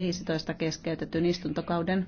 15 keskeytetyn istuntokauden